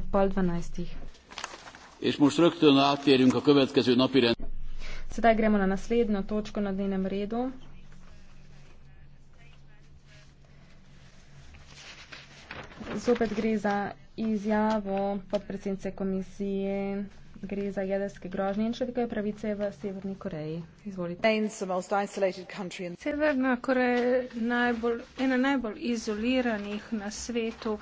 pol dvanajstih. Sedaj gremo na naslednjo točko na dnevnem redu. Zopet gre za izjavo podpredsednice komisije gre za jedrske grožnje in človekove pravice v Severni Koreji. Izvolite. Severna Koreja je ena najbolj izoliranih na svetu,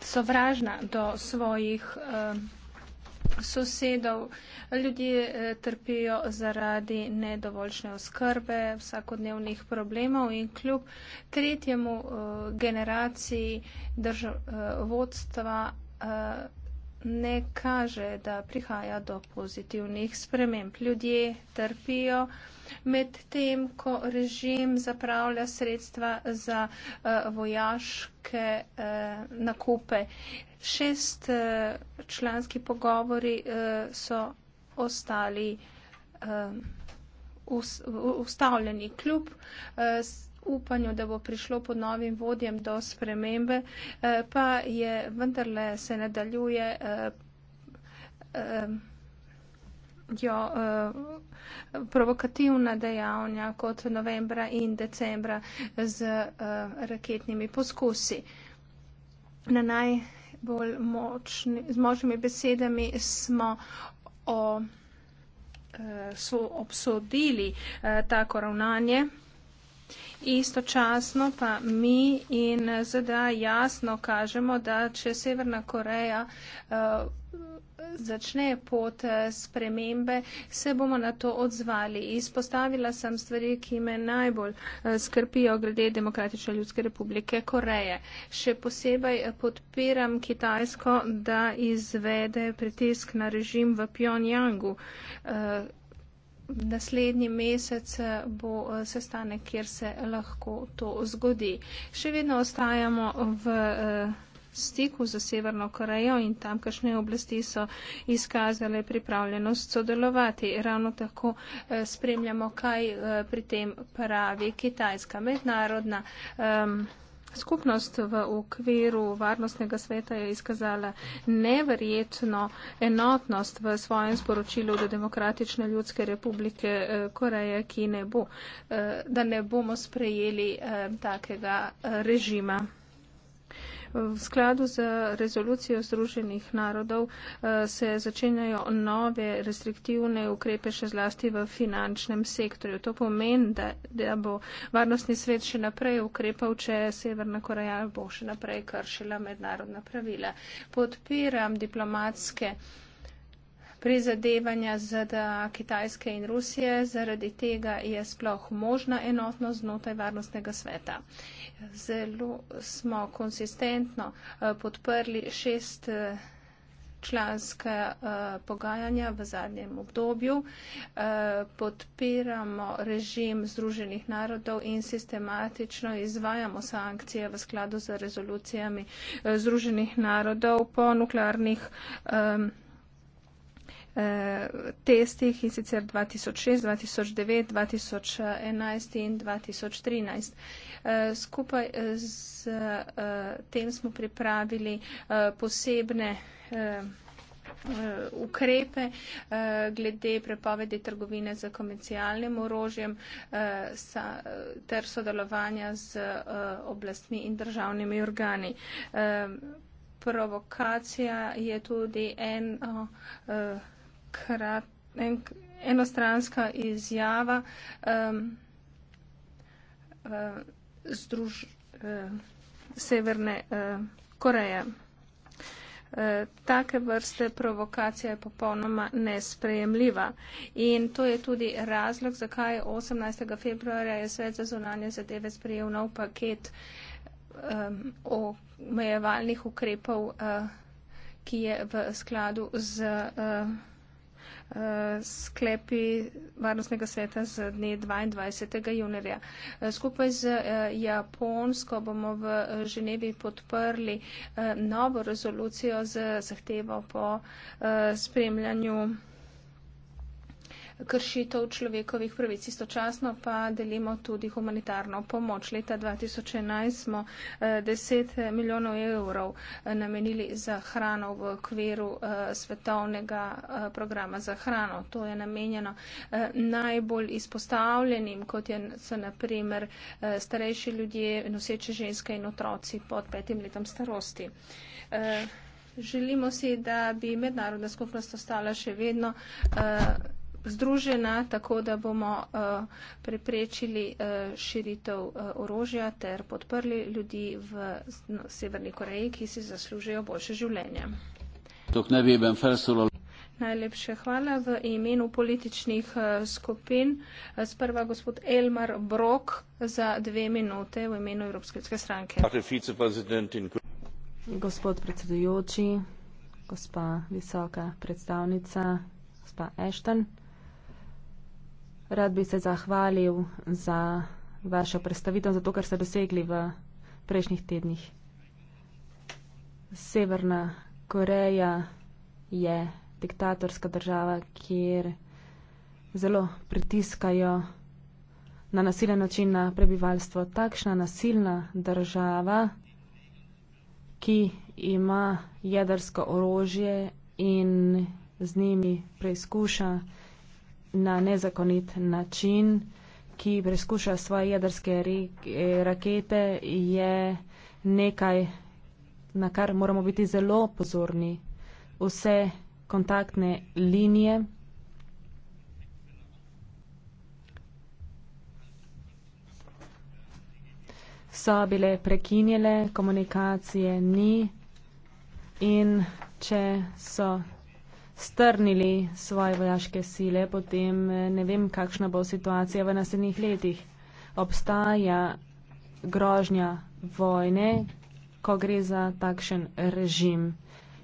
sovražna do svojih uh, sosedov. Ljudje uh, trpijo zaradi nedovoljšne oskrbe, vsakodnevnih problemov in kljub tretjemu uh, generaciji držav, uh, vodstva. Uh, ne kaže, da prihaja do pozitivnih sprememb. Ljudje trpijo med tem, ko režim zapravlja sredstva za uh, vojaške uh, nakupe. Šest uh, članski pogovori uh, so ostali uh, ustavljeni kljub. Uh, upanju, da bo prišlo pod novim vodjem do spremembe, eh, pa je vendarle se nadaljuje eh, eh, jo provokativna dejavnja kot novembra in decembra z raketnimi poskusi. Na najbolj močni, z močnimi besedami smo o, so obsodili tako ravnanje. Istočasno pa mi in ZDA jasno kažemo, da če Severna Koreja eh, začne pot eh, spremembe, se bomo na to odzvali. Izpostavila sem stvari, ki me najbolj eh, skrpijo glede Demokratične ljudske republike Koreje. Še posebej podpiram Kitajsko, da izvede pritisk na režim v Pjongjangu naslednji mesec eh, bo eh, sestanek, kjer se lahko to zgodi. Še vedno ostajamo v eh, stiku za Severno Korejo in tamkajšnje oblasti so izkazale pripravljenost sodelovati. Ravno tako spremljamo, kaj pri tem pravi Kitajska mednarodna. Um, Skupnost v okviru Varnostnega sveta je izkazala neverjetno enotnost v svojem sporočilu do Demokratične ljudske republike eh, Koreje, ki ne bo, eh, da ne bomo sprejeli eh, takega režima. V skladu z rezolucijo Združenih narodov eh, se začenjajo nove restriktivne ukrepe še zlasti v finančnem sektorju. To pomeni, da, da bo varnostni svet še naprej ukrepal, če Severna Koreja bo še naprej kršila mednarodna pravila. Podpiram diplomatske prizadevanja ZDA, Kitajske in Rusije. Zaradi tega je sploh možna enotnost znotraj varnostnega sveta. Zelo smo konsistentno eh, podprli šest eh, članska uh, pogajanja v zadnjem obdobju. Uh, podpiramo režim Združenih narodov in sistematično izvajamo sankcije v skladu z rezolucijami Združenih narodov po nuklearnih. Um, testih in sicer 2006, 2009, 2011 in 2013. Eh, skupaj eh, z eh, tem smo pripravili posebne ukrepe glede prepovedi trgovine z komercialnim orožjem ter sodelovanja z oblastmi in državnimi organi. Provokacija je tudi eno krat, en, enostranska izjava um, uh, združ, uh, Severne uh, Koreje. Take vrste provokacija je popolnoma nesprejemljiva in to je tudi razlog, zakaj 18. februarja je svet za zunanje zadeve sprejel nov paket um, omejevalnih ukrepov, uh, ki je v skladu z. Uh, sklepi Varnostnega sveta z dne 22. junarja. Eh, skupaj z eh, Japonsko bomo v eh, Ženevi podprli novo rezolucijo z zahtevo po spremljanju kršitev človekovih pravic. Istočasno pa delimo tudi humanitarno pomoč. Leta 2011 smo 10 eh, milijonov evrov eh, namenili za hrano v okviru eh, svetovnega programa za hrano. To je namenjeno najbolj izpostavljenim, kot je, so na primer starejši ljudje, noseče ženske in otroci pod petim letom starosti. Želimo si, da bi mednarodna skupnost ostala še vedno uh, združena, tako da bomo eh, preprečili eh, širitev eh, orožja ter podprli ljudi v no, Severni Koreji, ki si zaslužijo boljše življenje. Najlepše hvala v imenu političnih skupin. Sprva gospod Elmar Brok za dve minute v imenu Evropske stranke. Gospod predsedujoči, gospa visoka predstavnica, gospa Ešten. Rad bi se zahvalil za vašo predstavitev, za to, kar ste dosegli v prejšnjih tednih. Severna Koreja je diktatorska država, kjer zelo pritiskajo na nasilen način na prebivalstvo. Takšna nasilna država, ki ima jedrsko orožje in z njimi preizkuša, na nezakonit način, ki preskuša svoje jedrske rakete, je nekaj, na kar moramo biti zelo pozorni. Vse kontaktne linije so bile prekinjene, komunikacije ni in če so strnili svoje vojaške sile, potem eh, ne vem, kakšna bo situacija v naslednjih letih. Obstaja grožnja vojne, ko gre za takšen režim,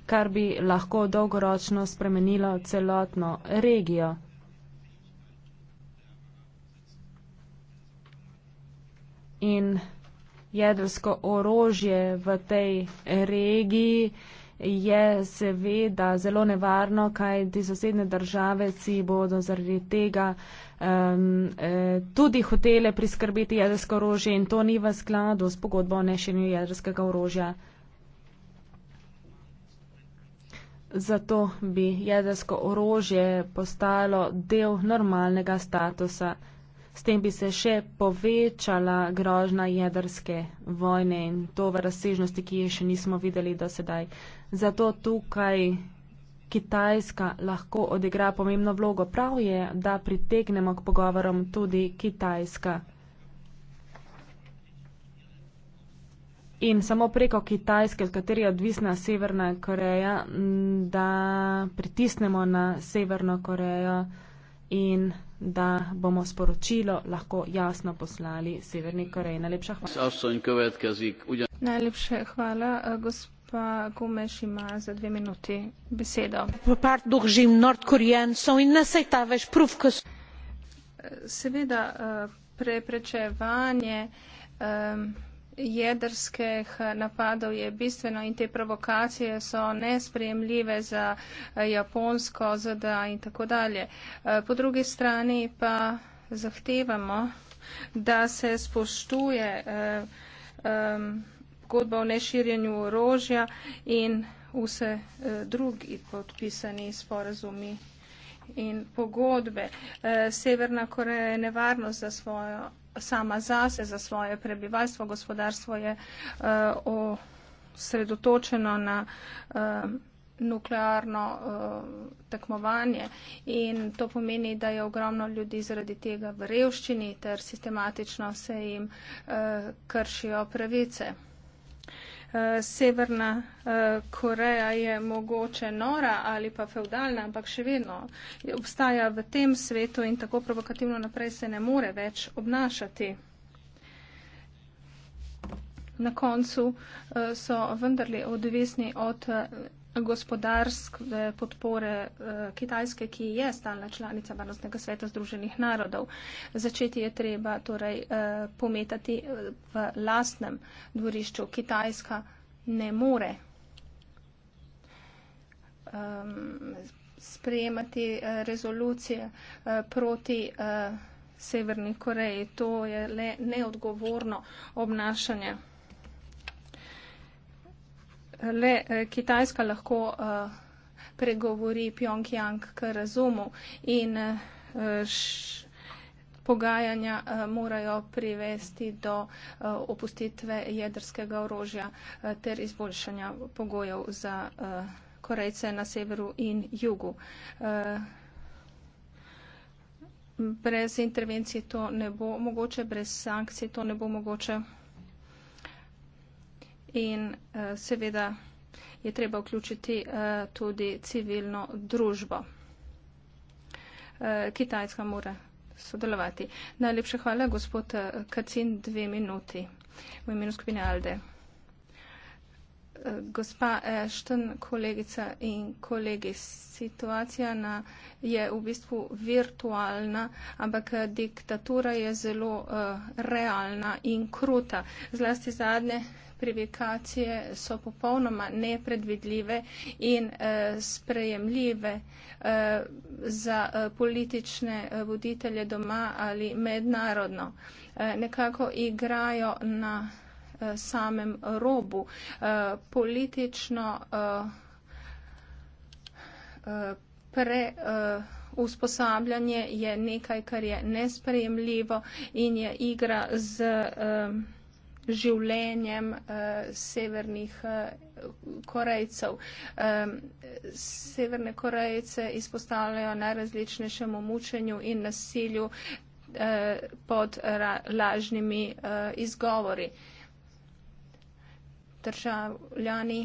kar bi lahko dolgoročno spremenilo celotno regijo. In jedrsko orožje v tej regiji je seveda zelo nevarno, kaj ti sosedne države si bodo zaradi tega um, tudi hotele priskrbeti jedrsko orožje in to ni v skladu s pogodbo o nešenju jedrskega orožja. Zato bi jedrsko orožje postalo del normalnega statusa. S tem bi se še povečala grožna jedrske vojne in to v razsežnosti, ki je še nismo videli do sedaj. Zato tukaj Kitajska lahko odigra pomembno vlogo. Prav je, da pritegnemo k pogovorom tudi Kitajska. In samo preko Kitajske, od kateri je odvisna Severna Koreja, da pritisnemo na Severno Korejo in da bomo sporočilo lahko jasno poslali Severni Koreji. Najlepša hvala. Najlepše hvala, eh, gospa Gumeš ima za dve minuti besedo. Eh, seveda, eh, preprečevanje um, jedrskih napadov je bistveno in te provokacije so nesprejemljive za eh, Japonsko, ZDA in tako dalje. Eh, po drugi strani pa zahtevamo, da se spoštuje eh, pogodba o neširjenju orožja in vse drugi podpisani sporazumi in pogodbe. Eh, Severna Koreja je nevarnost za svojo, sama zase, za svoje prebivalstvo. Gospodarstvo je eh, osredotočeno na eh, nuklearno tekmovanje in to pomeni, da je ogromno ljudi zaradi tega v revščini ter sistematično se jim kršijo pravice. Eh, Severna eh, Koreja je mogoče nora ali pa feudalna, ampak še vedno obstaja v tem svetu in tako provokativno naprej se ne more več obnašati. Na koncu eh, so vendarli odvisni od gospodarske podpore eh, Kitajske, ki je stalna članica Varnostnega sveta Združenih narodov. Začeti je treba torej eh, pometati eh, v lastnem dvorišču. Kitajska ne more ehm, sprejemati rezolucije proti Severni Koreji. To je le neodgovorno obnašanje le eh, Kitajska lahko eh, pregovori Pjongjang k razumu in eh, pogajanja morajo privesti do opustitve jedrskega orožja ter izboljšanja pogojev za Korejce na severu in jugu. Brez intervencije to ne bo mogoče, brez sankcij to ne bo mogoče in uh, seveda je treba vključiti uh, tudi civilno družbo. Uh, Kitajska mora sodelovati. Najlepše hvala, gospod Kacin, dve minuti v imenu skupine Alde. Gospa Ešten, kolegica in kolegi, situacija na, je v bistvu virtualna, ampak diktatura je zelo uh, realna in kruta. Zlasti zadnje privikacije so popolnoma nepredvidljive in eh, sprejemljive eh, za eh, politične eh, voditelje doma ali mednarodno. Eh, nekako igrajo na eh, samem robu. Eh, politično eh, eh pre. Eh, Usposabljanje je nekaj, kar je nesprejemljivo in je igra z. Eh, življenjem uh, severnih uh, Korejcev. Um, Severne Korejce izpostavljajo najrazličnejšemu mučenju in nasilju uh, pod lažnimi uh, izgovori. Državljani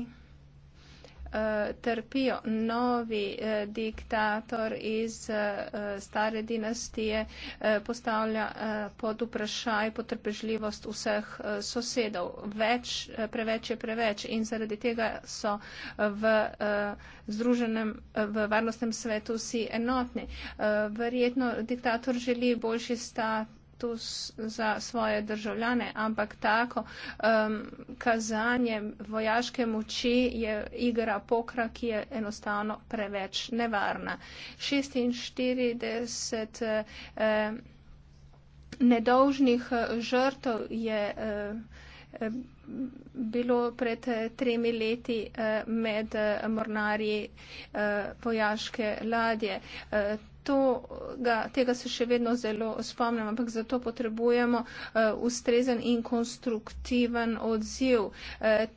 uh, trpijo novi uh, diktator iz uh, stare dinastije, uh, postavlja uh, pod vprašaj potrpežljivost vseh uh, sosedov. Več, uh, preveč je preveč in zaradi tega so v uh, združenem, uh, v varnostnem svetu vsi enotni. Uh, verjetno diktator želi boljši status tu za svoje državljane, ampak tako um, kazanje vojaške moči je igra pokra, ki je enostavno preveč nevarna. 46 eh, um, nedolžnih uh, žrtev je. Eh, bilo pred eh, tremi leti eh, med eh, mornarji vojaške ladje to, ga, tega se še vedno zelo spomnim, ampak zato potrebujemo uh, ustrezen in konstruktiven odziv. Uh,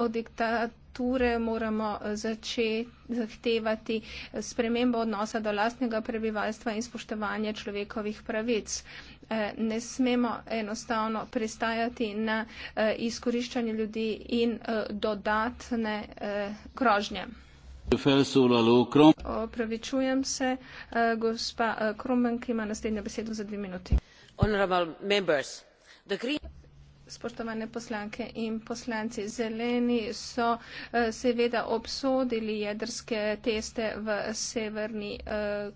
od diktature moramo eh, začeti zahtevati spremembo odnosa do lastnega prebivalstva in spoštovanje človekovih pravic. Ne smemo enostavno pristajati na izkoriščanje ljudi in dodatne krožnje. Opravičujem se, eh, gospa eh, Kromen, ki ima naslednjo besedo za dve minuti. Spoštovane poslanke in poslanci, zeleni so eh, seveda obsodili jedrske teste v Severni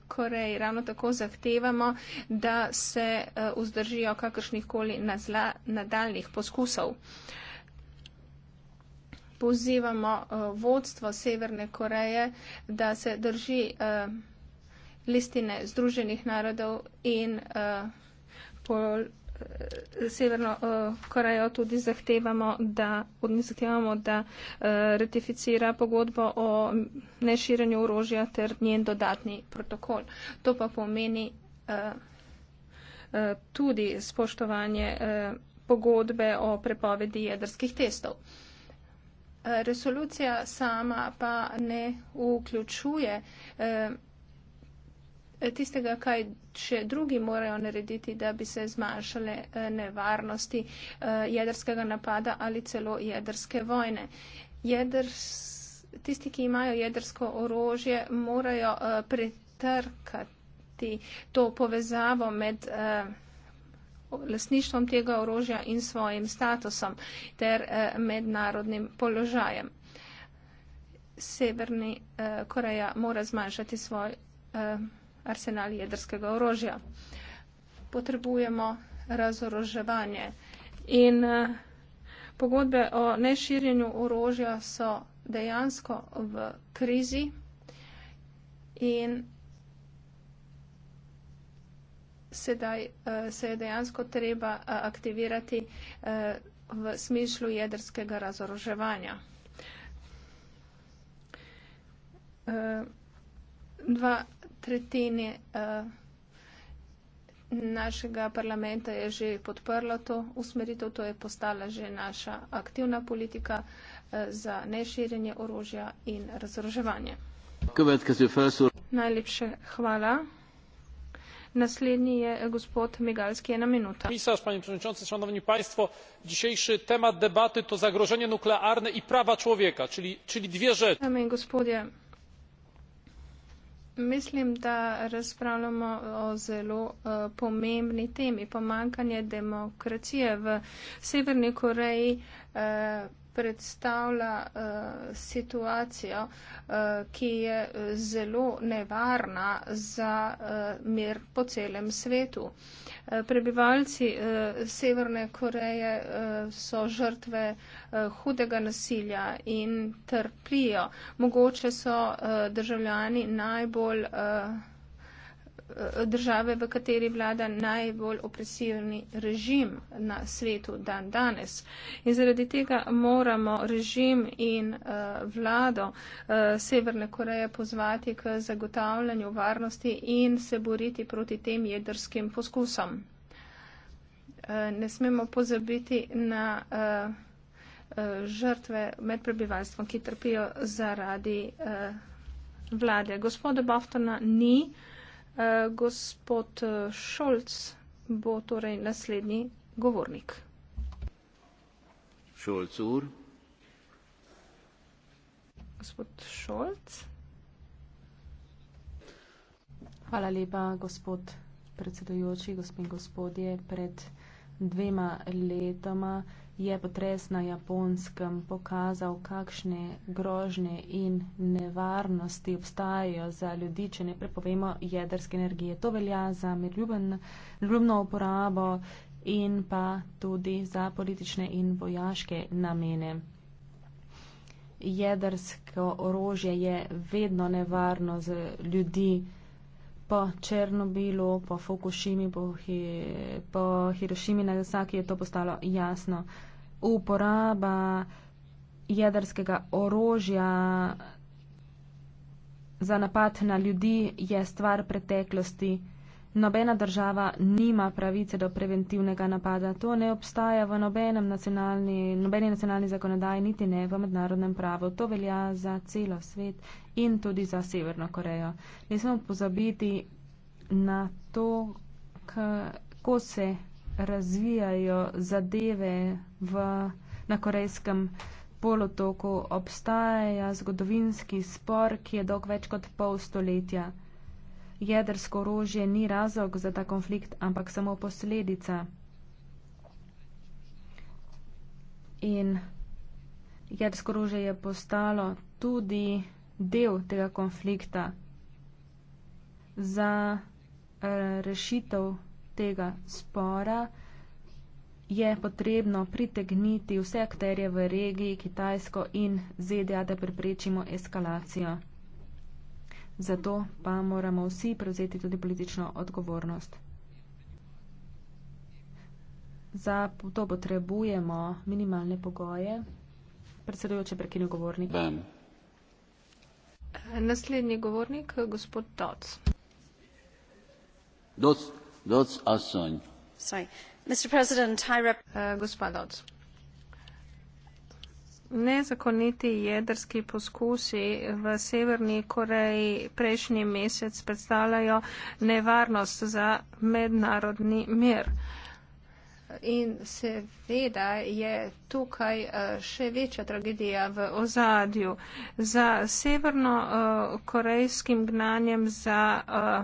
Koreji. Ravno tako zahtevamo, da se vzdržijo kakršnihkoli nadaljnih poskusov pozivamo uh, vodstvo Severne Koreje, da se drži uh, listine Združenih narodov in uh, po. Severno Korejo tudi zahtevamo, da, zahtevamo, da ratificira pogodbo o neširjenju orožja ter njen dodatni protokol. To pa pomeni tudi spoštovanje pogodbe o prepovedi jedrskih testov. Resolucija sama pa ne vključuje eh, tistega, kaj še drugi morajo narediti, da bi se zmanjšale eh, nevarnosti eh, jedrskega napada ali celo jedrske vojne. Jedrs, tisti, ki imajo jedrsko orožje, morajo pretrkati to povezavo med lasništvom tega orožja in svojim statusom ter eh, mednarodnim položajem. Severni eh, Koreja mora zmanjšati svoj eh, arsenal jedrskega orožja. Potrebujemo razoroževanje in pogodbe o neširjenju orožja so dejansko v krizi in sedaj uh, se je dejansko treba uh, aktivirati uh, v smislu jedrskega razoroževanja. Uh, dva tretjine uh, našega parlamenta je že podprlo to usmeritev, to je postala že naša aktivna politika uh, za neširjenje orožja in razoroževanje. Najlepše hvala. Eh, panie przewodniczący! szanowni państwo! dzisiejszy temat debaty to zagrożenie nuklearne i prawa człowieka czyli dwie rzeczy. myślę że rozmawiamy o bardzo ważnej eh, temie pomanjkanje demokracji w severnej korei jest eh, dla mnie bardzo przykrą informacją predstavlja uh, situacijo, uh, ki je eh, zelo nevarna za uh, mir po celem svetu. Uh, prebivalci uh, Severne Koreje uh, so žrtve uh, hudega nasilja in trplijo. Mogoče so uh, državljani najbolj. Uh, Eh, države, v kateri vlada najbolj opresivni režim na svetu dan danes. In zaradi tega moramo režim in eh, vlado eh, Severne Koreje pozvati k zagotavljanju varnosti in se boriti proti tem jedrskim poskusom. Ne smemo pozabiti na žrtve med prebivalstvom, ki trpijo zaradi vlade. Gospoda Boftona ni. Eh, gospod eh, Šolc bo torej naslednji govornik. Šolc ur. Gospod Šolc. Hvala lepa, gospod predsedujoči, gospod in gospodje. Pred dvema letoma je potres na japonskem pokazal, kakšne grožne in nevarnosti obstajajo za ljudi, če ne prepovemo jedrske energije. To velja za miroljubno uporabo in pa tudi za politične in vojaške namene. Jedrsko orožje je vedno nevarno za ljudi po Černobilu, po Fukushimi, po, hi, po Hirošimi, Nagasaki je to postalo jasno. Uporaba jedrskega orožja za napad na ljudi je stvar preteklosti. Nobena država nima pravice do preventivnega napada. To ne obstaja v nacionalni, nobeni nacionalni zakonodaji, niti ne v mednarodnem pravu. To velja za celo svet in tudi za Severno Korejo. Ne smemo pozabiti na to, kako se razvijajo zadeve v, na korejskem polotoku. Obstaja zgodovinski spor, ki je dolg več kot pol stoletja jedrsko orožje ni razlog za ta konflikt, ampak samo posledica. In jedrsko orožje je postalo tudi del tega konflikta. Za eh, rešitev tega spora je potrebno pritegniti vse akterje v regiji, Kitajsko in ZDA, da preprečimo eskalacijo. Zato pa moramo vsi prevzeti tudi politično odgovornost. Za to potrebujemo minimalne pogoje. Predsedujoče prekinu govornik. Ben. Naslednji govornik, gospod Doc. Doc, Doc, Asson. Sorry. Mr. President, I rep. Uh, eh, gospod Doc. Nezakoniti jedrski poskusi v Severni Koreji prejšnji mesec predstavljajo nevarnost za mednarodni mir. In seveda je tukaj eh, še večja tragedija v ozadju. Za severno-korejskim eh, gnanjem za eh,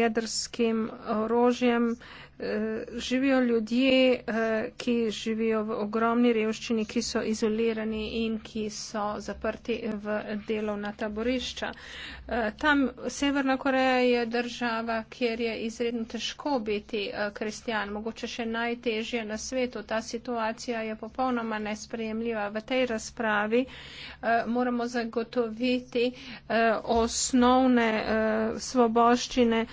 jedrskim orožjem Eh, živijo ljudje, eh, ki živijo v ogromni revščini, ki so izolirani in ki so zaprti v delovna taborišča. Eh, tam Severna Koreja je država, kjer je izredno težko biti kristjan, mogoče še najtežje na svetu. Ta situacija je popolnoma nesprejemljiva. V tej razpravi moramo zagotoviti osnovne svoboščine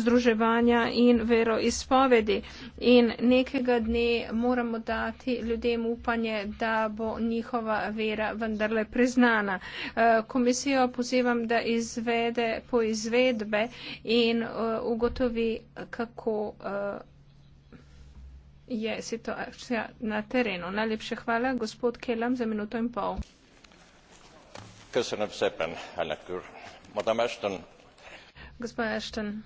združevanja in veroizpolnjenja odpovedi in nekega dne moramo dati ljudem upanje, da bo njihova vera vendarle priznana. Eh, komisijo pozivam, da izvede po izvedbe in eh, ugotovi, kako eh, je situacija na terenu. Najlepše hvala, gospod Kelam, za minuto in pol. Köszönöm szépen, elnök úr. Madam Ashton. Gospod Ashton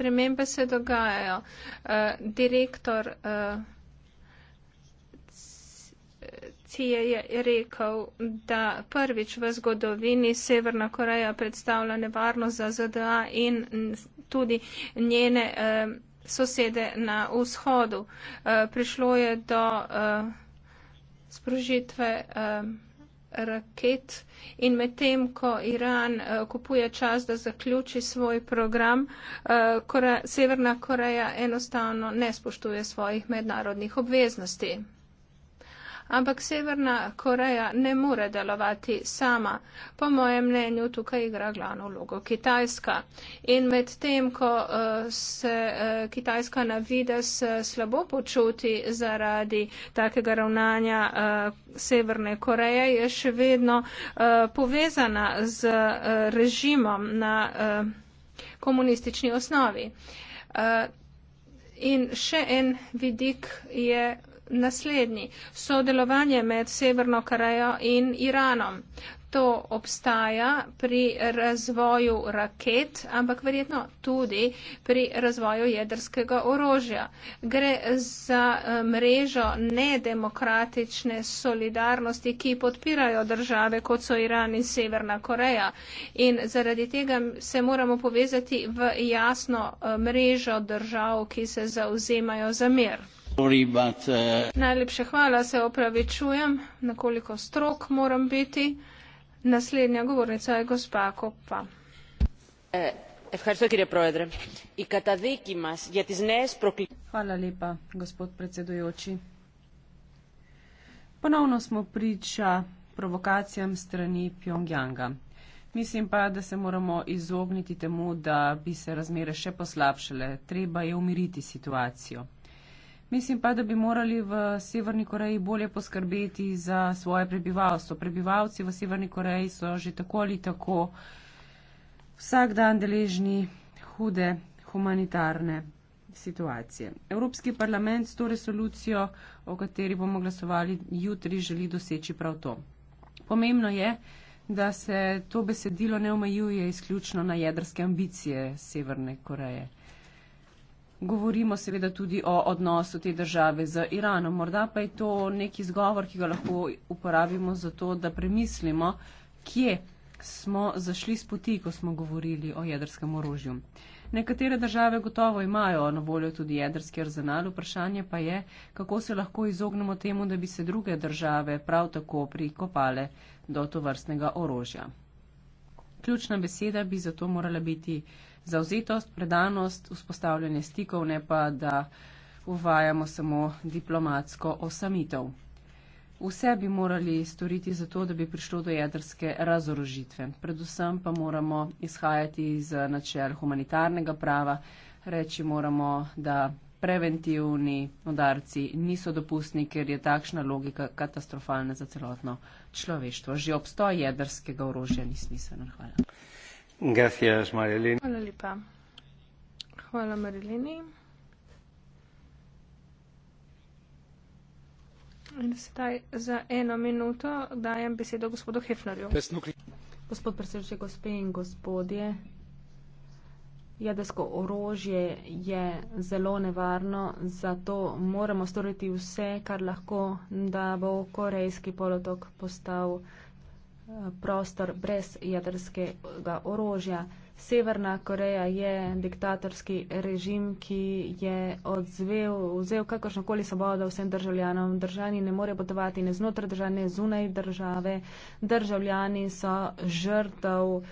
spremembe se dogajajo. Eh, direktor CIA eh, je rekel, da prvič v zgodovini Severna Koreja predstavlja nevarnost za ZDA in tudi njene eh, sosede na vzhodu. Prišlo je do sprožitve raket in medtem, ko Iran eh, kupuje čas, da zaključi svoj program, eh, Severna Koreja enostavno ne spoštuje svojih mednarodnih obveznosti. Ampak Severna Koreja ne more delovati sama. Po mojem mnenju tukaj igra glavno vlogo Kitajska. In med tem, ko eh, se eh, Kitajska na vides eh, slabo počuti zaradi takega ravnanja Severne Koreje, je še vedno povezana z režimom na komunistični osnovi. In še en vidik je naslednji. Sodelovanje med Severno Korejo in Iranom. To obstaja pri razvoju raket, ampak verjetno tudi pri razvoju jedrskega orožja. Gre za eh, mrežo nedemokratične solidarnosti, ki podpirajo države, kot so Iran in Severna Koreja. In zaradi tega se moramo povezati v jasno eh, mrežo držav, ki se zauzemajo za mir. Sorry, but, uh... Najlepša hvala, se opravičujem, nekoliko strok moram biti. Naslednja govornica je gospa Kopa. Eh, hvala lepa, gospod predsedujoči. Ponovno smo priča provokacijam strani Pjongjanga. Mislim pa, da se moramo izogniti temu, da bi se razmere še poslabšale. Treba je umiriti situacijo. Mislim pa, da bi morali v Severni Koreji bolje poskrbeti za svoje prebivalstvo. Prebivalci v Severni Koreji so že tako ali tako vsak dan deležni hude humanitarne situacije. Evropski parlament s to resolucijo, o kateri bomo glasovali jutri, želi doseči prav to. Pomembno je, da se to besedilo ne omejuje izključno na jedrske ambicije Severne Koreje. Govorimo seveda tudi o odnosu te države z Iranom. Morda pa je to nek izgovor, ki ga lahko uporabimo za to, da premislimo, kje smo zašli z poti, ko smo govorili o jedrskem orožju. Nekatere države gotovo imajo na voljo tudi jedrski arzenal, vprašanje pa je, kako se lahko izognemo temu, da bi se druge države prav tako prikopale do tovrstnega orožja. Ključna beseda bi zato morala biti zauzetost, predanost, vzpostavljanje stikov, ne pa da uvajamo samo diplomatsko osamitev. Vse bi morali storiti za to, da bi prišlo do jedrske razorožitve. Predvsem pa moramo izhajati iz načel humanitarnega prava, reči moramo, da preventivni udarci niso dopustni, ker je takšna logika katastrofalna za celotno človeštvo. Že obstoj jedrskega orožja ni smiselno. Hvala. Hvala lepa. Hvala Marileni. In sedaj za eno minuto dajem besedo gospodu Hefnerju. Gospod predsedniče, gospe in gospodje, jedrsko orožje je zelo nevarno, zato moramo storiti vse, kar lahko, da bo Korejski polotok postal prostor brez jedrskega orožja. Severna Koreja je diktatorski režim, ki je odzvel, vzel kakršnokoli svobodo vsem državljanom. Državljani ne morejo potovati ne znotraj države, ne zunaj države. Državljani so žrtev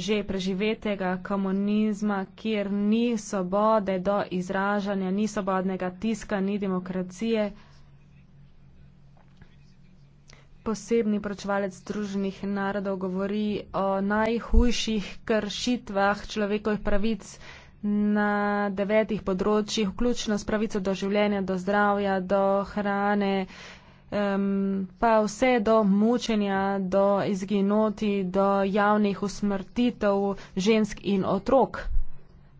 že preživetega komunizma, kjer ni svobode do izražanja, ni svobodnega tiska, ni demokracije posebni pročevalec Združenih narodov govori o najhujših kršitvah človekovih pravic na devetih področjih, vključno s pravico do življenja, do zdravja, do hrane, um, pa vse do mučenja, do izginoti, do javnih usmrtitev žensk in otrok.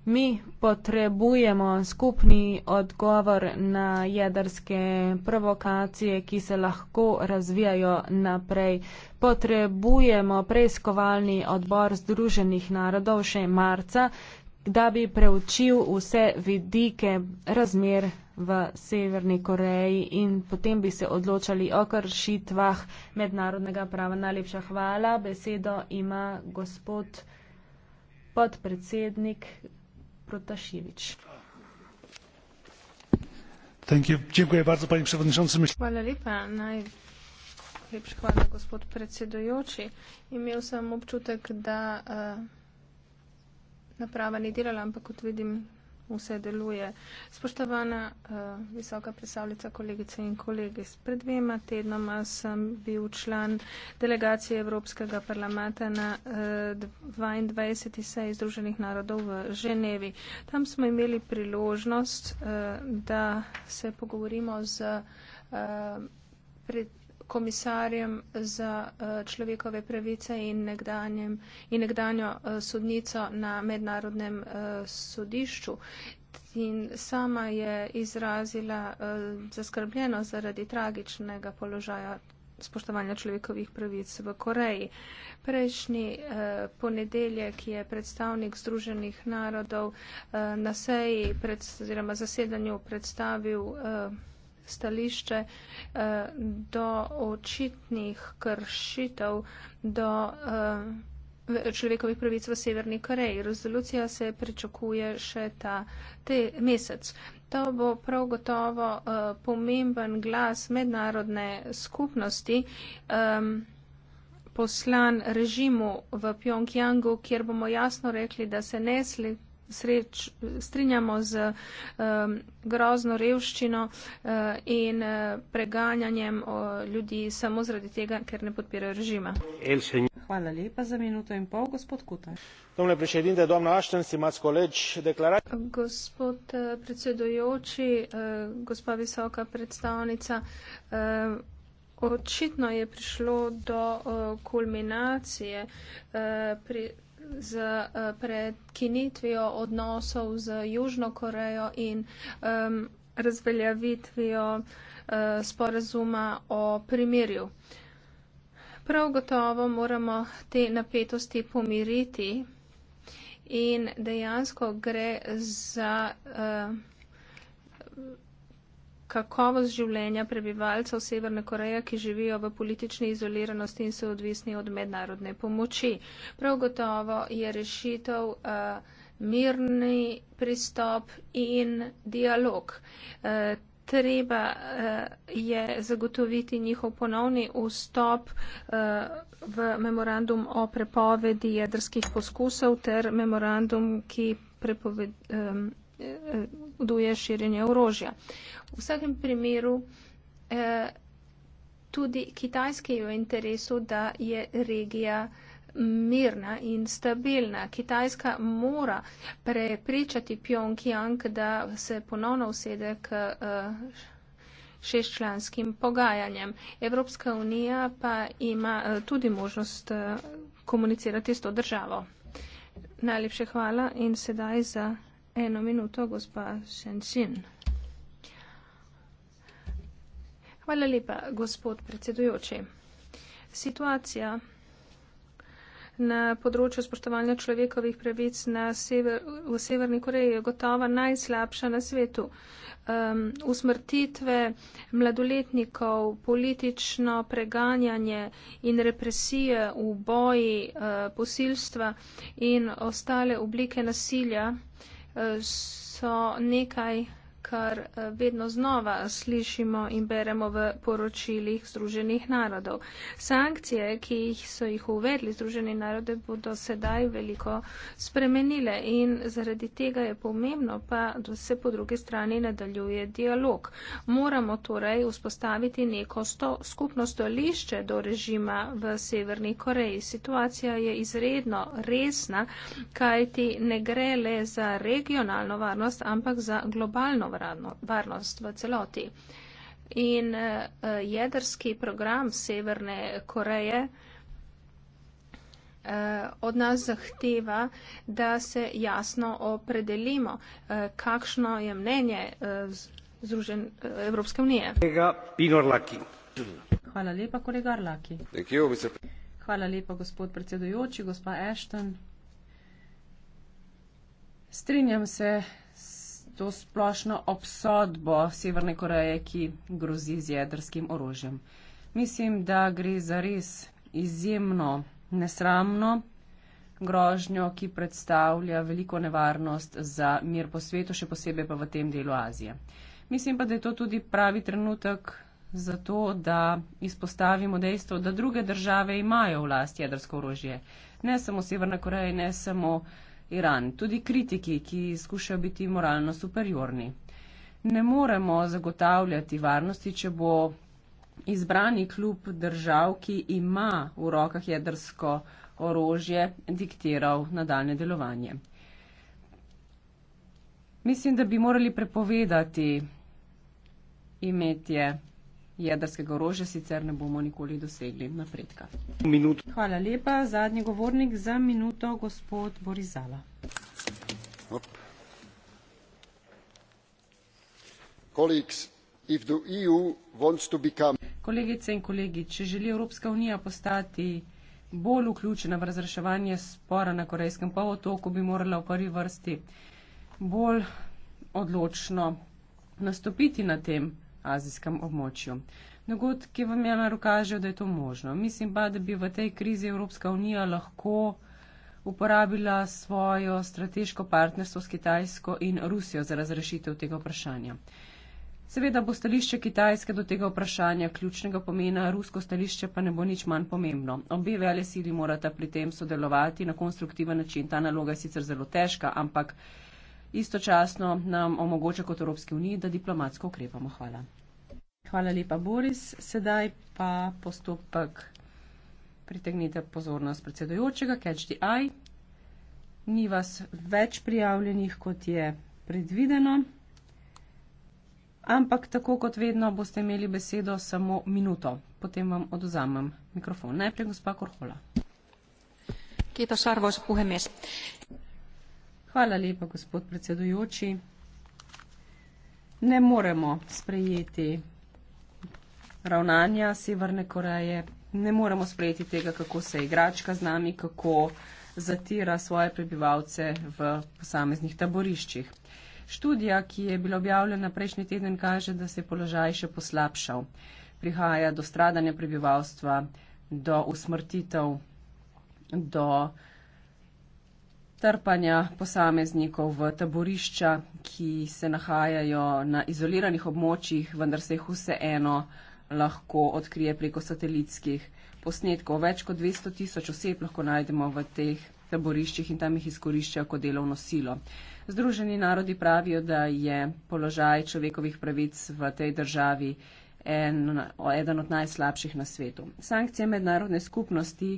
Mi potrebujemo skupni odgovor na jedrske provokacije, ki se lahko razvijajo naprej. Potrebujemo preiskovalni odbor Združenih narodov še marca, da bi preučil vse vidike razmer v Severni Koreji in potem bi se odločali o kršitvah mednarodnega prava. Najlepša hvala. Besedo ima gospod podpredsednik. Protasiewicz. Thank you. Dziękuję bardzo, panie przewodniczący. Hvala lepa. Najlepša hvala, gospod predsedujoči. Imel sem občutek, da uh, naprava ni delala, ampak kot vidim, vse deluje. Spoštovana uh, visoka predstavljica, kolegice in kolegi, pred dvema tednoma sem bil član delegacije Evropskega parlamenta na uh, eh, 22. seji Združenih narodov v Ženevi. Tam smo imeli priložnost, uh, da se pogovorimo z uh, pred, komisarjem za eh, človekove pravice in, nekdanjem, in nekdanjo eh, sodnico na mednarodnem eh, sodišču. In sama je izrazila zaskrbljeno zaradi tragičnega položaja spoštovanja človekovih pravic v Koreji. Prejšnji eh, ponedeljek je predstavnik Združenih narodov eh, na seji pred, oziroma zasedanju predstavil eh, stališče eh, do očitnih kršitev do eh, človekovih pravic v Severni Koreji. Rezolucija se pričakuje še ta te mesec. To bo prav gotovo eh, pomemben glas mednarodne skupnosti poslan režimu v Pjongjangu, kjer bomo jasno rekli, da se ne slik sreč, strinjamo z um, grozno revščino uh, in uh, preganjanjem uh, ljudi samo zaradi tega, ker ne podpirajo režima. Hvala lepa za minuto in pol, gospod Kutar. Domne predsednice, domna Ašten, si imate koleč deklaracijo. Gospod uh, predsedujoči, uh, gospa visoka predstavnica. Uh, Očitno je prišlo do uh, kulminacije uh, pri z eh, prekinitvijo odnosov z Južno Korejo in um, razveljavitvijo uh, sporazuma o primirju. Prav gotovo moramo te napetosti pomiriti in dejansko gre za uh, kakovost življenja prebivalcev Severne Koreje, ki živijo v politični izoliranosti in so odvisni od mednarodne pomoči. Prav gotovo je rešitev uh, mirni pristop in dialog. Uh, Treba eh, je zagotoviti njihov ponovni vstop v memorandum o prepovedi jedrskih poskusov ter memorandum, ki prepovedi vduje širjenje orožja. V vsakem primeru eh, tudi Kitajski je v interesu, da je regija mirna in stabilna. Kitajska mora prepričati Pjongjang, da se ponovno usede k eh, šestčlanskim pogajanjem. Evropska unija pa ima eh, tudi možnost komunicirati s to državo. Najlepše hvala in sedaj za eno minuto, gospa Šenšin. Hvala lepa, gospod predsedujoči. Situacija na področju spoštovanja človekovih pravic na sever, v Severni Koreji je gotova najslabša na svetu. Um, usmrtitve mladoletnikov, politično preganjanje in represije v boji uh, posilstva in ostale oblike nasilja uh, Eh, so nekaj kar eh, vedno znova slišimo in beremo v poročilih Združenih narodov. Sankcije, ki so jih uvedli Združeni narode, bodo sedaj veliko spremenile in zaradi tega je pomembno pa, da se po drugi strani nadaljuje dialog. Moramo torej vzpostaviti neko sto, skupno stolišče do režima v Severni Koreji. Situacija je izredno resna, kajti ne gre le za regionalno varnost, ampak za globalno varano, varnost v celoti. In uh, jedrski program Severne Koreje eh, od nas zahteva, da se jasno opredelimo, eh, kakšno je mnenje Združen Evropske unije. Hvala lepa, kolega Arlaki. Hvala lepa, gospod predsedujoči, gospa Ashton. Strinjam se to splošno obsodbo Severne Koreje, ki grozi z jedrskim orožjem. Mislim, da gre za res izjemno nesramno grožnjo, ki predstavlja veliko nevarnost za mir po svetu, še posebej pa v tem delu Azije. Mislim pa, da je to tudi pravi trenutek za to, da izpostavimo dejstvo, da druge države imajo vlast jedrsko orožje. Ne samo Severna Koreja, ne samo. Iran, tudi kritiki, ki skušajo biti moralno superiorni. Ne moremo zagotavljati varnosti, če bo izbrani klub držav, ki ima v rokah jedrsko orožje, diktiral nadaljne delovanje. Mislim, da bi morali prepovedati imetje jedrskega orožja sicer ne bomo nikoli dosegli napredka. Minut. Hvala lepa. Zadnji govornik za minuto, gospod Borizala. E Kolegice in kolegi, če želi Evropska unija postati bolj vključena v razreševanje spora na Korejskem polotoku, bi morala v prvi vrsti bolj odločno nastopiti na tem azijskem območju. Dogodki vam je naro kažejo, da je to možno. Mislim pa, da bi v tej krizi Evropska unija lahko uporabila svojo strateško partnerstvo s Kitajsko in Rusijo za razrešitev tega vprašanja. Seveda bo stališče Kitajske do tega vprašanja ključnega pomena, rusko stališče pa ne bo nič manj pomembno. Obe vele sili morata pri tem sodelovati na konstruktiven način. Ta naloga je sicer zelo težka, ampak istočasno nam omogoča kot Evropski uniji, da diplomatsko ukrepamo. Hvala. Hvala lepa, Boris. Sedaj pa postopek. Pritegnite pozornost predsedojočega, catch the eye. Ni vas več prijavljenih, kot je predvideno. Ampak tako kot vedno boste imeli besedo samo minuto. Potem vam oduzamem mikrofon. Najprej gospa Korhola. Kiitos arvoisa puhemies. Hvala lepa, gospod predsedujoči. Ne moremo sprejeti ravnanja Severne Koreje, ne moremo sprejeti tega, kako se igračka z nami, kako zatira svoje prebivalce v posameznih taboriščih. Študija, ki je bila objavljena prejšnji teden, kaže, da se je položaj še poslabšal. Prihaja do stradanja prebivalstva, do usmrtitev, do trpanja posameznikov v taborišča, ki se nahajajo na izoliranih območjih, vendar se jih vseeno lahko odkrije preko satelitskih posnetkov. Več kot 200 tisoč oseb lahko najdemo v teh taboriščih in tam jih izkoriščajo kot delovno silo. Združeni narodi pravijo, da je položaj človekovih pravic v tej državi en, eden od najslabših na svetu. Sankcije mednarodne skupnosti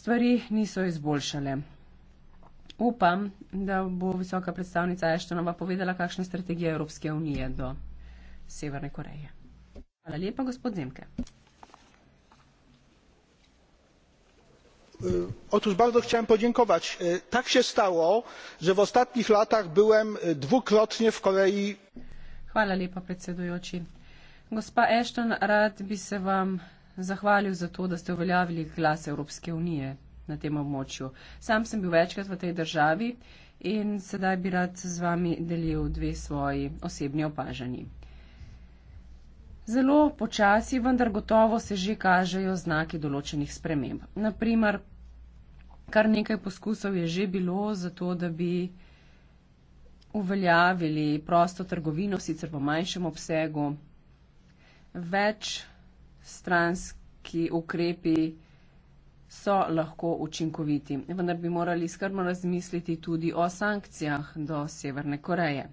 stvari niso izboljšale upam, da bo visoka predstavnica Eštonova povedala, kakšna strategija Evropske unije do Severne Koreje. Hvala lepa, gospod Zemke. E, otóż bardzo chciałem podziękować. E, tak się stało, że w ostatnich latach byłem e, dwukrotnie w Korei. Hvala lepa, predsedujoči. Gospa Ashton, rad bi se vam zahvalil za to, da ste uveljavili glas Evropske unije na tem območju. Sam sem bil večkrat v tej državi in sedaj bi rad z vami delil dve svoji osebni opažanji. Zelo počasi, vendar gotovo se že kažejo znaki določenih sprememb. Naprimer, kar nekaj poskusov je že bilo za to, da bi uveljavili prosto trgovino, sicer v manjšem obsegu, več stranski ukrepi, so lahko učinkoviti, vendar bi morali skrbno razmisliti tudi o sankcijah do Severne Koreje.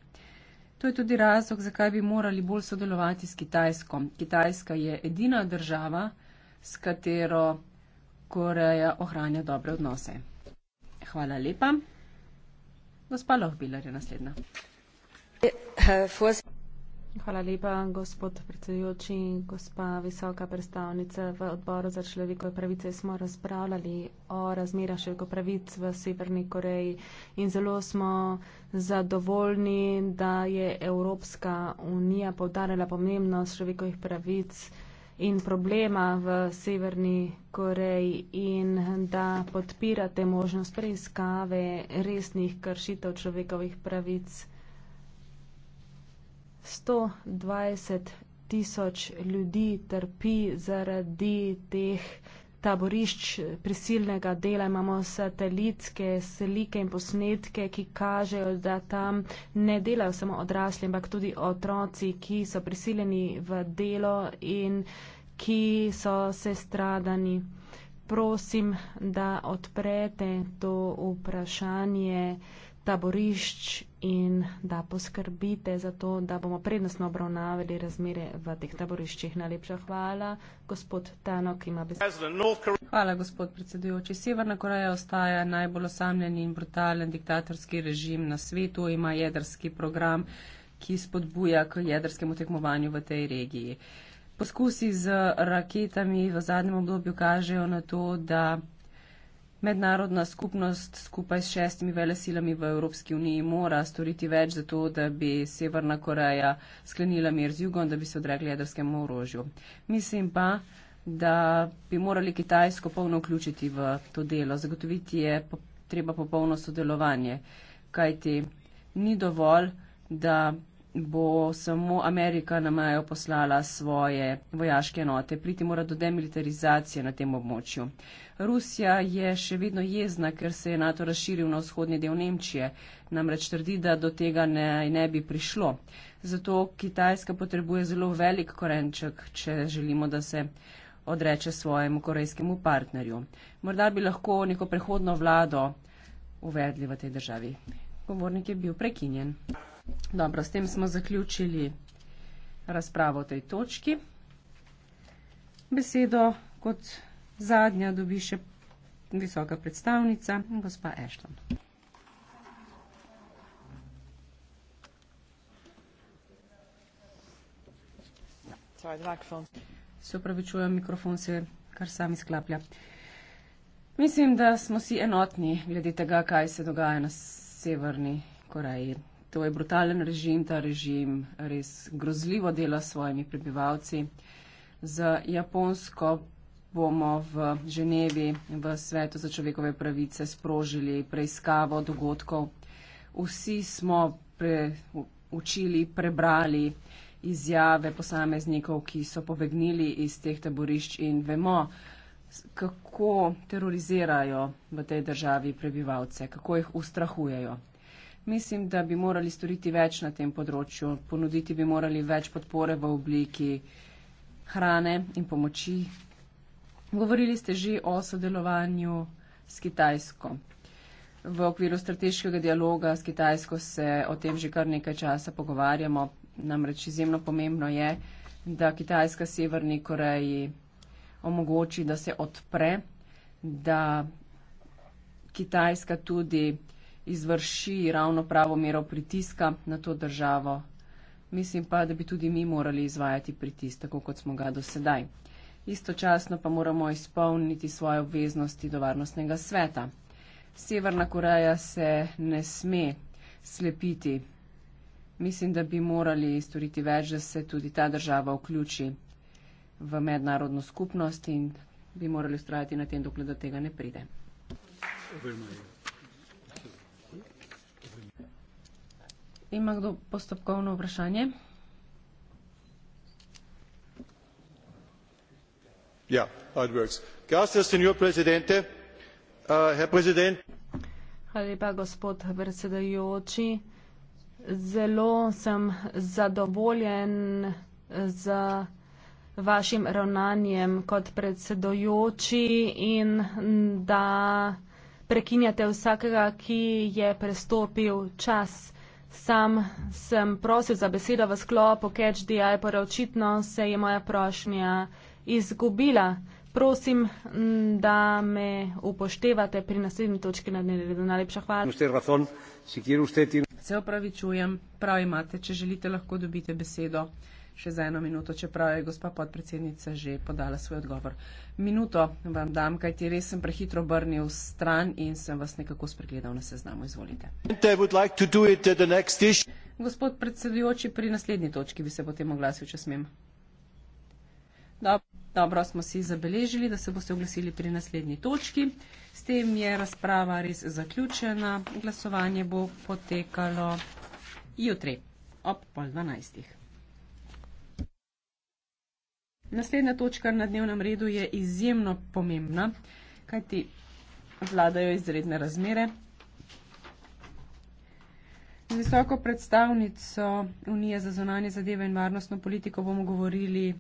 To je tudi razlog, zakaj bi morali bolj sodelovati s Kitajsko. Kitajska je edina država, s katero Koreja ohranja dobre odnose. Hvala lepa. Gospa Lohbiler je naslednja. Je, uh, Hvala lepa, gospod predsedujoči, gospa visoka predstavnica. V odboru za človekove pravice smo razpravljali o razmerah človekov pravic v Severni Koreji in zelo smo zadovoljni, da je Evropska unija povdarjala pomembnost človekovih pravic in problema v Severni Koreji in da podpirate možnost preiskave resnih kršitev človekovih pravic sto dvajset tisoč ljudi trpi zaradi teh taborišč prisilnega dela, imamo satelitske slike in posnetke, ki kažejo, da tam ne delajo samo odrasli, ampak tudi otroci, ki so prisiljeni v delo in ki so sestradani. Prosim, da odprete to vprašanje taborišč in da poskrbite za to, da bomo prednostno obravnavali razmere v teh taboriščih. Najlepša hvala, gospod Tanok ima besedo. Hvala, gospod predsedujoči. Severna Koreja ostaja najbolj osamljen in brutalen diktatorski režim na svetu, ima jedrski program, ki spodbuja k jedrskemu tekmovanju v tej regiji. Poskusi z raketami v zadnjem obdobju kažejo na to, da Mednarodna skupnost skupaj s šestimi velesilami v Evropski uniji mora storiti več za to, da bi Severna Koreja sklenila mir z jugom, da bi se odrekli jedrskemu orožju. Mislim pa, da bi morali Kitajsko polno vključiti v to delo. Zagotoviti je treba popolno sodelovanje, kajti ni dovolj, da bo samo Amerika na mejo poslala svoje vojaške enote. Priti mora do demilitarizacije na tem območju. Rusija je še vedno jezna, ker se je NATO razširil na vzhodni del Nemčije. Namreč trdi, da do tega ne, ne bi prišlo. Zato Kitajska potrebuje zelo velik korenček, če želimo, da se odreče svojemu korejskemu partnerju. Morda bi lahko neko prehodno vlado uvedli v tej državi. Govornik je bil prekinjen. Dobro, s tem smo zaključili razpravo o tej točki. Besedo kot zadnja dobi še visoka predstavnica, gospa Ešton. Se upravičujem, mikrofon se kar sam izklaplja. Mislim, da smo si enotni glede tega, kaj se dogaja na Severni Koreji. To je brutalen režim, ta režim res grozljivo dela s svojimi prebivalci. Z Japonsko bomo v Ženevi, v svetu za človekove pravice, sprožili preiskavo dogodkov. Vsi smo pre, učili, prebrali izjave posameznikov, ki so pobegnili iz teh taborišč in vemo, kako terorizirajo v tej državi prebivalce, kako jih ustrahujejo mislim, da bi morali storiti več na tem področju. Ponuditi bi morali več podpore v obliki hrane in pomoči. Govorili ste že o sodelovanju s Kitajsko. V okviru strateškega dialoga s Kitajsko se o tem že kar nekaj časa pogovarjamo. Namreč izjemno pomembno je, da Kitajska Severni Koreji omogoči, da se odpre, da Kitajska tudi izvrši ravno pravo mero pritiska na to državo. Mislim pa, da bi tudi mi morali izvajati pritisk, tako kot smo ga do sedaj. Istočasno pa moramo izpolniti svoje obveznosti do varnostnega sveta. Severna Koreja se ne sme slepiti. Mislim, da bi morali storiti več, da se tudi ta država vključi v mednarodno skupnost in bi morali ustrajati na tem, dokler do tega ne pride. Thank you. Ima kdo postopkovno vprašanje? Ja, it works. Gracias, señor presidente. Uh, herr president. Hvala lepa, gospod predsedajoči. Zelo sem zadovoljen z vašim ravnanjem kot predsedojoči in da prekinjate vsakega, ki je prestopil čas. Sam sem prosil za besedo v sklopu CatchDI, pa torej očitno se je moja prošnja izgubila. Prosim, da me upoštevate pri naslednji točki na dnevnem redu. Najlepša hvala. Se opravičujem, prav imate, če želite, lahko dobite besedo še za eno minuto, čeprav je gospa podpredsednica že podala svoj odgovor. Minuto vam dam, kaj ti res sem prehitro obrnil stran in sem vas nekako spregledal na seznamu. Izvolite. Gospod predsedujoči, pri naslednji točki bi se potem oglasil, če smem. Dobro, smo si zabeležili, da se boste oglasili pri naslednji točki. S tem je razprava res zaključena. Glasovanje bo potekalo jutri ob pol dvanajstih. Naslednja točka na dnevnem redu je izjemno pomembna, kajti vladajo izredne razmere. Z visoko predstavnico Unije za zunanje zadeve in varnostno politiko bomo govorili.